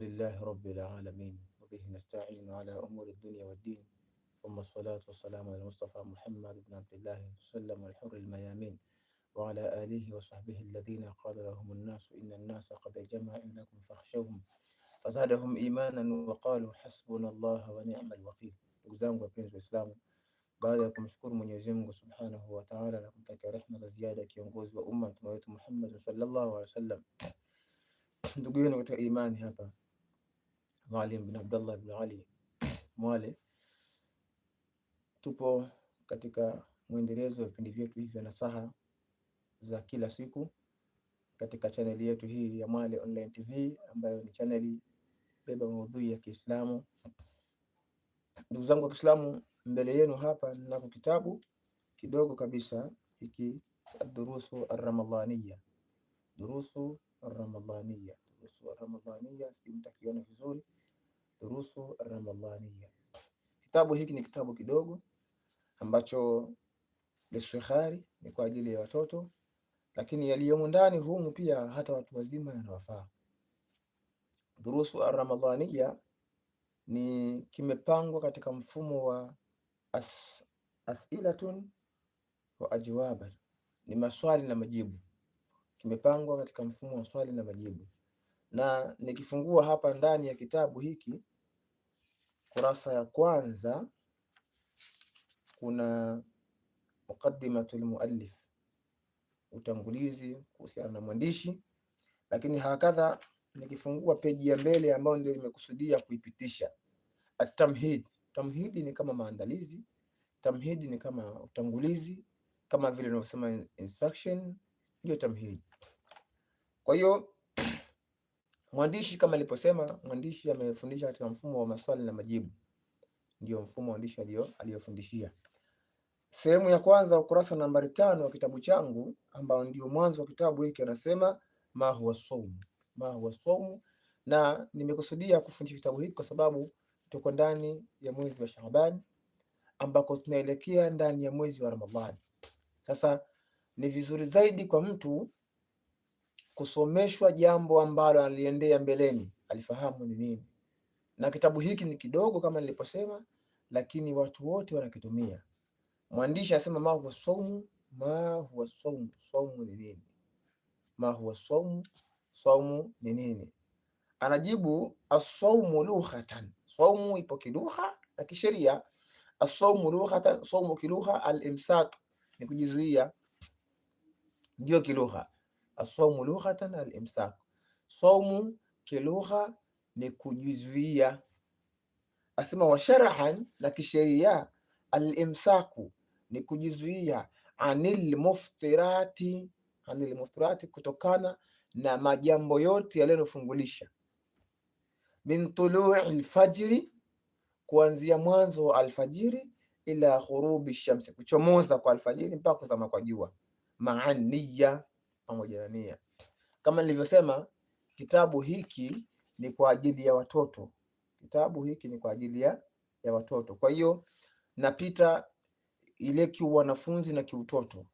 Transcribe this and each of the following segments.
لله رب العالمين وبه نستعين على أمور الدنيا والدين ثم الصلاة والسلام على المصطفى محمد بن عبد الله وسلم الحر الميامين وعلى آله وصحبه الذين قال لهم الناس إن الناس قد جمعوا لكم فاخشوهم فزادهم إيمانا وقالوا حسبنا الله ونعم الوكيل وزام وبين الإسلام بعد أن شكر من سبحانه وتعالى لكم تك رحمة زيادة كيونغوز وأمة محمد صلى الله عليه وسلم دقيقة إيمان هذا Mwalim bin Abdullah bin Ali Mwale. Tupo katika mwendelezo wa vipindi vyetu hivyo nasaha za kila siku katika chaneli yetu hii ya Mwale Online TV ambayo ni chaneli beba maudhui ya Kiislamu. Ndugu zangu wa Kiislamu, mbele yenu hapa nako kitabu kidogo kabisa hiki, Durusu Ramadhaniya, Durusu Ramadhaniya, Durusu Ramadhaniya, si mtakiona vizuri Durusu Ramadhania. Kitabu hiki ni kitabu kidogo ambacho lisuhari ni kwa ajili ya watoto, lakini yaliyomo ndani humu pia hata watu wazima yanawafaa. Durusu Ramadhania ni kimepangwa katika mfumo wa as, as'ilatun wa ajwaba, ni maswali na majibu. Kimepangwa katika mfumo wa swali na majibu, na nikifungua hapa ndani ya kitabu hiki kurasa ya kwanza kuna muqaddimatul muallif, utangulizi kuhusiana na mwandishi, lakini hakadha nikifungua peji ya mbele ambayo ndio nimekusudia kuipitisha atamhid. Tamhidi ni kama maandalizi, tamhidi ni kama utangulizi, kama vile unavyosema instruction, ndio tamhidi. Kwa hiyo Mwandishi kama aliposema mwandishi amefundisha katika mfumo wa maswali na majibu, ndio mfumo mwandishi aliyofundishia. Sehemu ya kwanza ukurasa nambari tano wa kitabu changu ambao ndio mwanzo wa kitabu hiki anasema ma huwa saumu, ma huwa saumu. Na nimekusudia kufundisha kitabu hiki kwa sababu tuko ndani ya mwezi wa Shaaban ambako tunaelekea ndani ya mwezi wa Ramadhani. Sasa ni vizuri zaidi kwa mtu kusomeshwa jambo ambalo aliendea mbeleni, alifahamu ni nini. Na kitabu hiki ni kidogo kama niliposema, lakini watu wote wanakitumia. Mwandishi anasema ma huwa saumu, ma huwa saumu, saumu ni nini? Ma huwa saumu, saumu ni nini? Anajibu asaumu lughatan, saumu ipo kilugha na kisheria. Asaumu lughatan, saumu kilugha, alimsak ni kujizuia, ndio kilugha Asaumu lughatan alimsak, saumu kilugha ni kujizuia. Asema wa na kisheria alimsaku ni kujizuia, anil muftirati, kutokana na majambo yote yaliyofungulisha, min tului lfajiri, kuanzia mwanzo wa alfajiri, ila ghurubi shamsi, kuchomoza kwa alfajiri mpaka kuzama kwa jua, maaniya pamoja na nia. Kama nilivyosema, kitabu hiki ni kwa ajili ya watoto, kitabu hiki ni kwa ajili ya, ya watoto. Kwa hiyo napita ile kiuwanafunzi na kiutoto,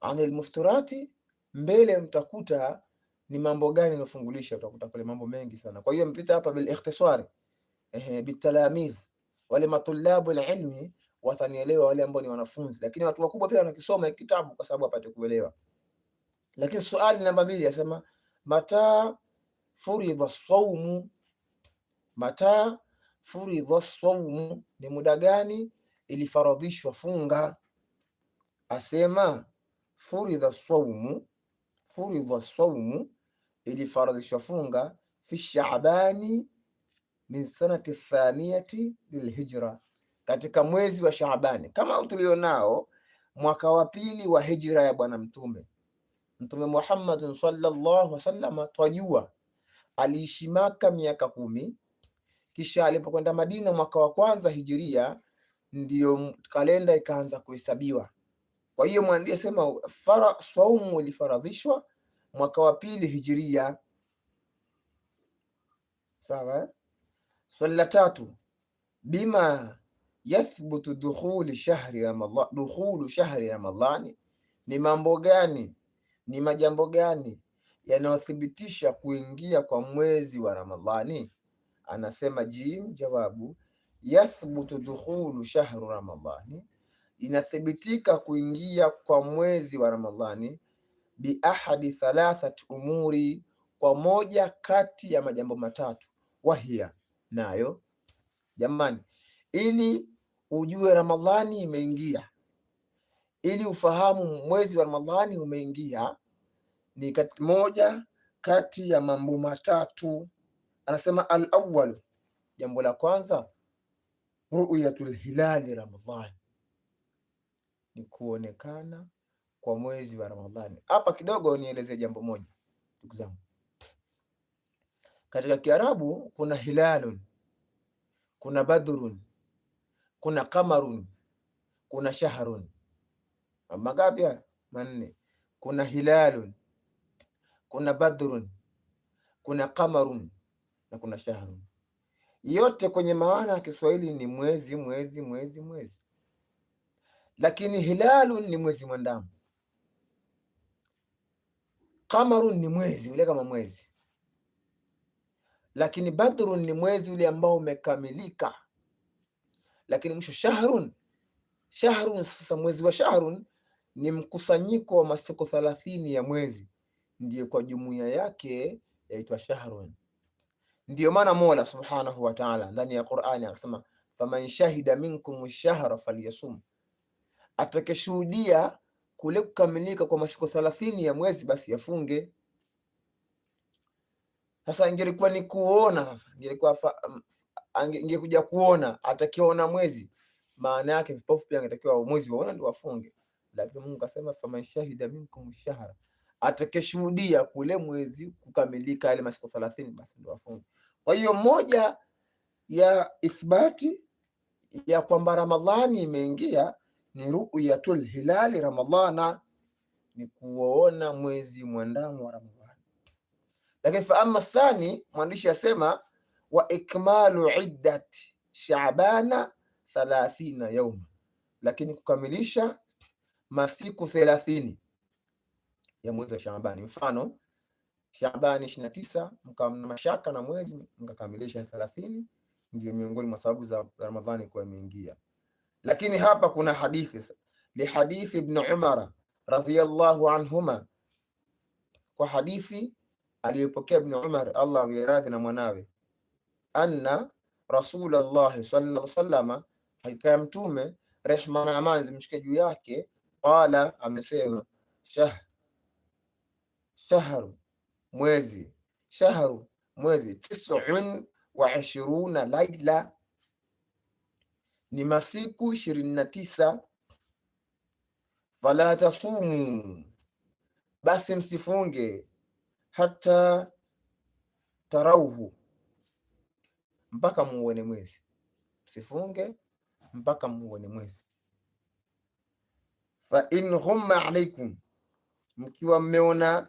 anil mufturati, mbele mtakuta ni mambo gani nafungulisha, utakuta pale mambo mengi sana. Kwa hiyo mpita hapa bil ikhtisar, ehe, bitalamidh, wale matulabu alilmi watanielewa, wale ambao ni wanafunzi, lakini watu wakubwa pia wanakisoma kitabu kwa sababu apate kuelewa. Lakini suali namba mbili asema mata furidha saumu, mata furidha saumu, ni muda gani ilifaradhishwa funga? Asema furidha saumu, furidha saumu, ilifaradhishwa funga fi shaabani min sanati thaniyati lilhijra, katika mwezi wa Shaabani kama tulionao mwaka wa pili wa hijra ya Bwana Mtume Mtume Muhammadin sallallahu alaihi wasallam twajua aliishi Maka miaka kumi, kisha alipokwenda Madina mwaka wa kwanza hijiria, ndiyo kalenda ikaanza kuhesabiwa. Kwa hiyo mwandishi sema fara swaumu ilifaradhishwa mwaka wa pili hijiria, sawa eh? Swali la tatu, bima yathbutu dukhulu shahri ramadhani, dukhulu shahri ramadhani ni mambo gani ni majambo gani yanayothibitisha kuingia kwa mwezi wa Ramadhani? Anasema Jim, jawabu yathbutu dukhulu shahru Ramadhani, inathibitika kuingia kwa mwezi wa Ramadhani bi ahadi thalathat umuri, kwa moja kati ya majambo matatu. Wahia nayo, jamani, ili ujue Ramadhani imeingia ili ufahamu mwezi wa Ramadhani umeingia. Ni kati moja kati ya mambo matatu, anasema awwal, jambo la kwanza ru'yatul hilali Ramadhani, ni kuonekana kwa mwezi wa Ramadhani. Hapa kidogo nielezee jambo moja, ndugu zangu. Katika Kiarabu kuna hilalun, kuna badrun, kuna qamarun, kuna shahrun mangapi haya? Manne. Kuna hilalun, kuna badrun, kuna kamarun na kuna shahrun. Yote kwenye maana ya Kiswahili ni mwezi, mwezi, mwezi, mwezi. Lakini hilalun ni mwezi mwandamu kamarun ni mwezi ule kama mwezi, lakini badrun ni mwezi ule ambao umekamilika, lakini mwisho shahrun. Shahrun sasa mwezi wa shahrun ni mkusanyiko wa masiku thelathini ya mwezi, ndiyo kwa jumuiya yake yaitwa shahrun. Ndiyo maana Mola subhanahu wa taala ndani ya Qurani akasema faman shahida minkum shahra falyasum, atakeshuhudia kule kukamilika kwa masiku thelathini ya mwezi basi yafunge. Sasa ingelikuwa ni kuona, sasa ingelikuwa ingekuja kuona, atakiona mwezi, maana yake vipofu pia angetakiwa mwezi waona ndio wafunge. Lakini Mungu akasema faman shahida minkum shahra, atakeshuhudia kule mwezi kukamilika yale masiku 30 basi ndio afunge. Kwa hiyo moja ya ithbati ya kwamba Ramadhani imeingia ni ru'yatul hilali ramadhana, ni kuona mwezi mwandamo wa Ramadhani. Lakini fa amma thani, mwandishi asema wa ikmalu iddati shaabana thalathina yauma, lakini kukamilisha masiku thelathini ya mwezi wa Shaabani. Mfano, Shaabani ishirini na tisa mkawa na mashaka na mwezi mkakamilisha thelathini, ndio miongoni mwa sababu za Ramadhani kuwa imeingia. Lakini hapa kuna hadithi lihadithi Ibn Umara radhiyallahu anhuma, kwa hadithi aliyopokea Ibn Umar Allah awe na mwanawe, anna Rasulullahi sallallahu alaihi wasallam, hakika ya Mtume rehma na amani zimshike juu yake Qala amesema shah, shahru mwezi, shahru mwezi, tisun wa ishiruna laila, ni masiku ishirini na tisa. Fala tasumu, basi msifunge, hata tarauhu, mpaka muone mwezi, msifunge mpaka muone mwezi fa in ghumma alaykum, mkiwa mmeona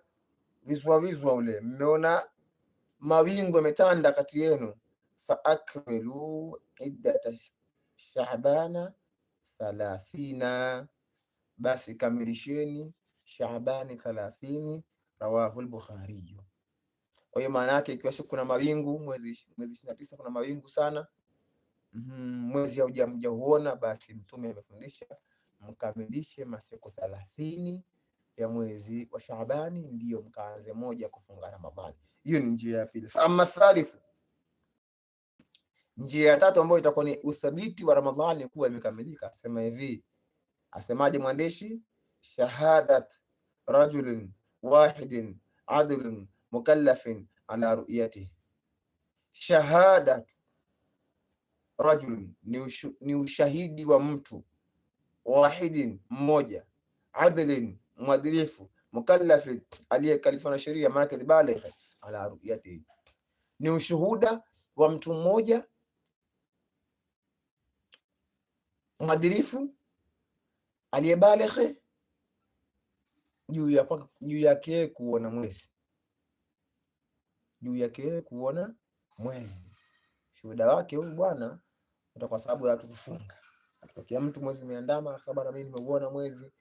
vizwa vizwa ule mmeona mawingu yametanda kati yenu, fa akmilu iddata shabana thalathina, basi kamilisheni shabani thalathini. Rawahu al-Bukhari. Kwa hiyo maana yake ikiwa siku kuna mawingu mwezi mwezi ishirini na tisa kuna mawingu sana, mhm, mwezi huona basi mtume amefundisha mkamilishe masiku thalathini ya mwezi wa Shaabani, ndiyo mkaanze moja kufunga Ramadhani. Hiyo ni njia ya pili. Ama thalith, njia ya tatu ambayo itakuwa ni uthabiti wa Ramadhani kuwa imekamilika, asema hivi, asemaje mwandishi? shahadat rajulin wahidin adlun mukallafin ala ru'yati shahadat rajulin ni, ni ushahidi wa mtu wahidin mmoja, adlin mwadilifu, mukallafin aliyekalifa na sheria, maanake baligh ala ru'yati, ni ushuhuda wa mtu mmoja mwadilifu aliyebalighe juu ya juu yake kuona mwezi, juu yake kuona mwezi. Shuhuda wake huyu bwana, kwa sababu ya kufunga Akitokea mtu mwezi umeandama saba na mimi nimeuona mwezi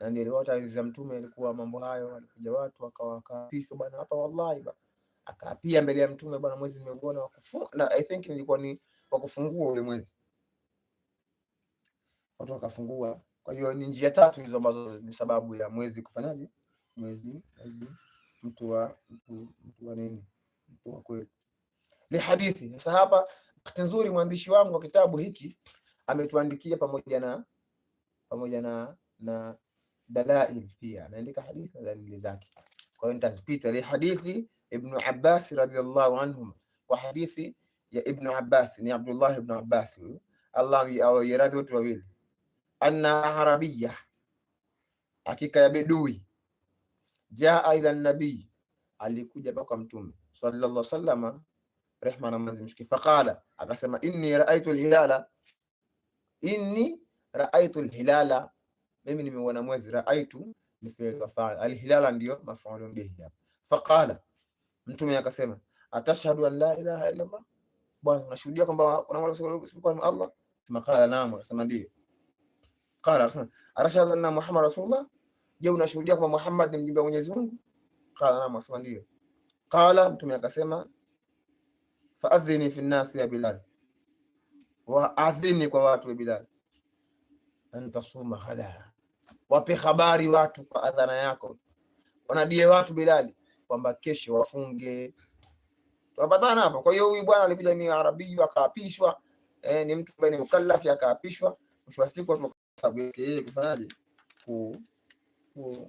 na niliota enzi za Mtume alikuwa mambo hayo, alikuja watu akawa akaapishwa bwana, hapa wallahi bwana, akaapia mbele ya Mtume bwana, mwezi nimeuona wakufunga, na I think nilikuwa ni wakufungua ule mwezi, watu wakafungua. Kwa hiyo ni njia tatu hizo ambazo ni sababu ya mwezi kufanyaje, mwezi mwezi mtu wa mtu, mtu wa nini, mtu wa kweli. ni hadithi sasa hapa nzuri, mwandishi wangu wa kitabu hiki ametuandikia pamoja na pamoja na na dalail pia anaandika hadithi na dalili zake. Kwa hiyo nitazipita ile hadithi Ibn Abbas radhiallahu anhum, kwa hadithi ya Ibn Abbas ni Abdullah Ibn Abbas, Allah awaye radhi wote wawili, anna arabiya, hakika ya bedui, jaa ila nabii, alikuja kwa Mtume sallallahu alaihi wasallam, rehma na manzi mshike, faqala, akasema inni raaitu alhilala inni raaitu alhilala, mimi nimeona mwezi. Raaitu ni fi'il maf'ul, alhilala ndio maf'ul bihi hapa. Faqala, mtume akasema, atashhadu an la ilaha illa Allah, bwana unashuhudia kwamba kuna mola isipokuwa ni Allah? Sema qala naam, akasema ndio. Qala akasema, atashhadu anna Muhammad rasulullah, je unashuhudia kwamba Muhammad ni mjumbe wa Mwenyezi Mungu? Qala naam, akasema ndio. Qala, mtume akasema, faadhini fi nnasi ya Bilal waadhini kwa watu, Bilal, antasuma ghada, wape habari watu kwa adhana yako, wanadie watu Bilali kwamba kesho wafunge. Tunapatana hapa. Kwa hiyo huyu bwana alikuja ni Arabiyu akaapishwa, eh, ni mtu ambaye ni mukallaf akaapishwa, mwisho wa siku sababu yake yeye kufanyaje ku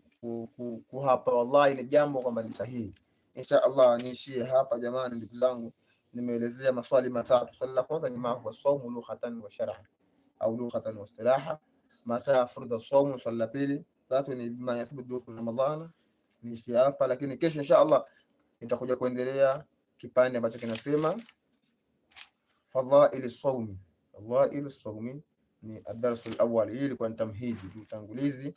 kuhapa. Wallahi ni jambo kwamba ni sahihi. Insha Allah niishie hapa jamani, ndugu zangu nimeelezea maswali matatu. Swali la kwanza ni ma huwa saumu lughatan wa shar'an au lughatan wa istilaha, mata fardhu saumu. Swali la pili tatu ni bima yathbutu fi Ramadhana. Niishi hapa lakini kesho insha Allah nitakuja kuendelea kipande ambacho kinasema fadhaili saumi. Fadhaili saumi ni adarsu alawwal, hii ilikuwa ni tamhidi utangulizi,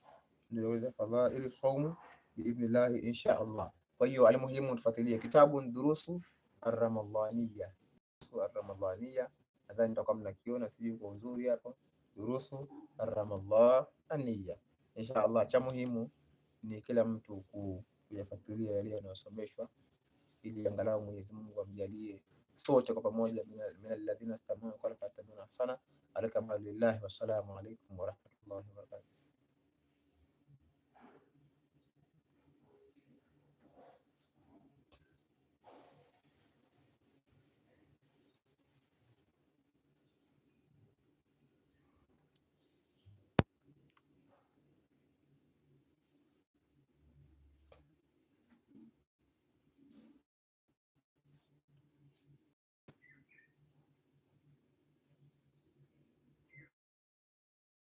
niliweza fadhaili saumu biidhnillahi insha Allah. Kwa hiyo almuhimu tufuatilie kitabu durusu Arramadhaniya. Ramadhania, nadhani mtakuwa mnakiona, sijui kwa uzuri hapo, durusu Ramadhania, Insha Allah, cha muhimu ni kila mtu kuyafuatilia yale yanayosomeshwa, ili angalau Mwenyezi Mungu amjalie sote kwa pamoja, min istamahu al-qur'ana fayattabi'una ahsana. Alhamdulillahi, wassalamu alaykum warahmatullahi wabarakatuh